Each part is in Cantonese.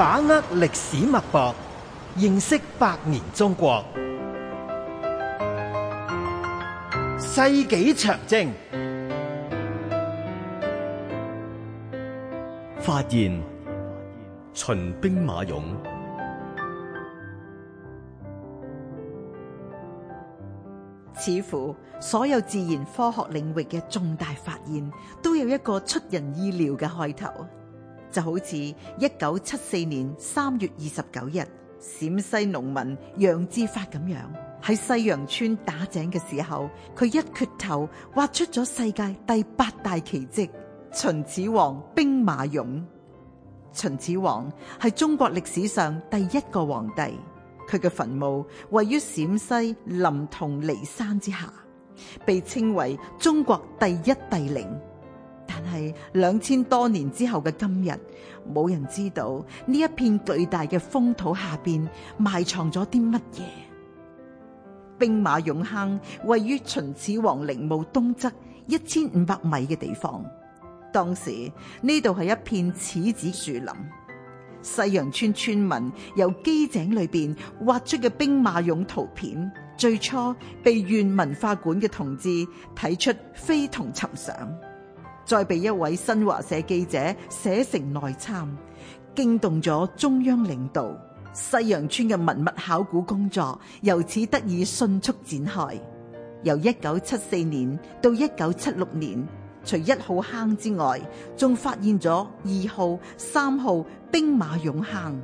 把握歷史脈搏，認識百年中國。世紀長征。發現秦兵馬俑，似乎所有自然科學領域嘅重大發現，都有一個出人意料嘅開頭。就好似一九七四年三月二十九日，陝西農民楊志發咁樣喺西陽村打井嘅時候，佢一掘頭挖出咗世界第八大奇蹟——秦始皇兵馬俑。秦始皇係中國歷史上第一個皇帝，佢嘅墳墓位於陝西臨潼驪山之下，被稱為中國第一帝陵。但係兩千多年之後嘅今日，冇人知道呢一片巨大嘅風土下邊埋藏咗啲乜嘢。兵馬俑坑位於秦始皇陵墓東側一千五百米嘅地方。當時呢度係一片柿子樹林。西陽村村民由機井裏邊挖出嘅兵馬俑圖片，最初被縣文化館嘅同志睇出非同尋常。再被一位新華社記者寫成內參，驚動咗中央領導。西洋村嘅文物考古工作由此得以迅速展開。由一九七四年到一九七六年，除一號坑之外，仲發現咗二號、三號兵馬俑坑。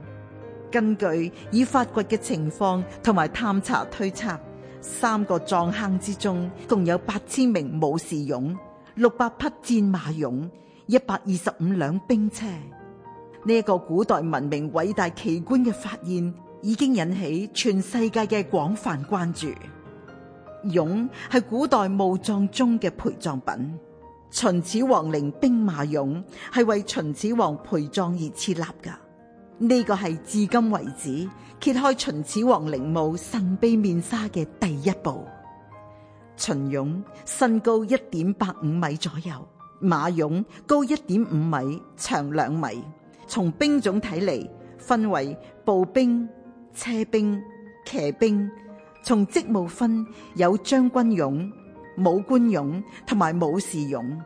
根據已發掘嘅情況同埋探查推測，三個葬坑之中共有八千名武士俑。六百匹戰馬俑，一百二十五輛兵車，呢個古代文明偉大奇觀嘅發現，已經引起全世界嘅廣泛關注。俑係古代墓葬中嘅陪葬品，秦始皇陵兵馬俑係為秦始皇陪葬而設立嘅，呢個係至今為止揭開秦始皇陵墓神秘面紗嘅第一步。秦俑身高一點八五米左右，馬俑高一點五米，長兩米。從兵種睇嚟，分為步兵、車兵、騎兵。從職務分有將軍俑、武官俑同埋武士俑。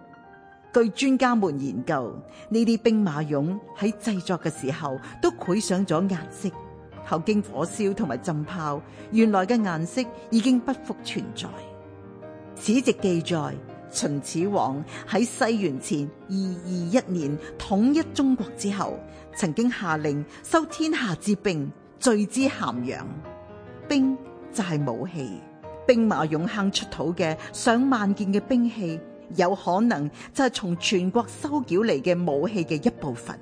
據專家們研究，呢啲兵馬俑喺製作嘅時候都繪上咗顏色，後經火燒同埋浸泡，原來嘅顏色已經不復存在。史籍記載，秦始皇喺西元前二二一年統一中國之後，曾經下令收天下之兵，聚之咸陽。兵就係武器，兵馬俑坑出土嘅上萬件嘅兵器，有可能就係從全國收繳嚟嘅武器嘅一部分。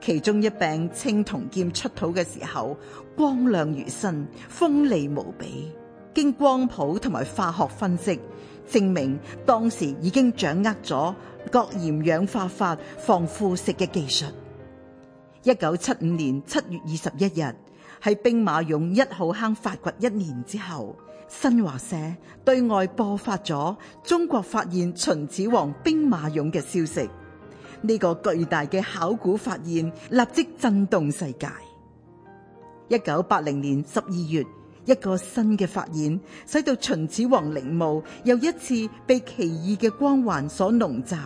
其中一柄青銅劍出土嘅時候，光亮如新，鋒利無比。經光譜同埋化學分析，證明當時已經掌握咗鉻鹽氧化法防腐蝕嘅技術。一九七五年七月二十一日，喺兵馬俑一號坑發掘一年之後，新華社對外播發咗中國發現秦始皇兵馬俑嘅消息。呢、這個巨大嘅考古發現立即震動世界。一九八零年十二月，一個新嘅發現，使到秦始皇陵墓又一次被奇異嘅光環所籠罩。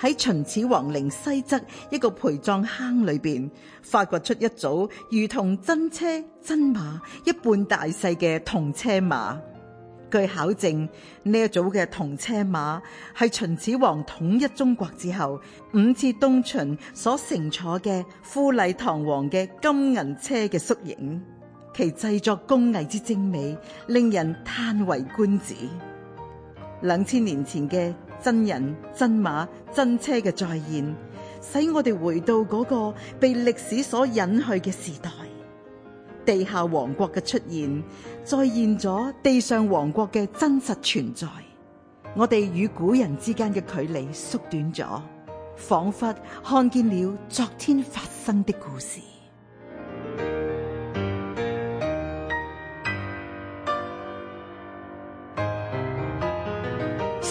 喺秦始皇陵西側一個陪葬坑裏邊，發掘出一組如同真車真馬一半大細嘅銅車馬。據考證，呢一組嘅銅車馬係秦始皇統一中國之後五次東巡所乘坐嘅富麗堂皇嘅金銀車嘅縮影。其製作工藝之精美，令人嘆為觀止。兩千年前嘅真人真馬真車嘅再現，使我哋回到嗰個被歷史所隱去嘅時代。地下王國嘅出現，再現咗地上王國嘅真實存在。我哋與古人之間嘅距離縮短咗，仿佛看見了昨天發生的故事。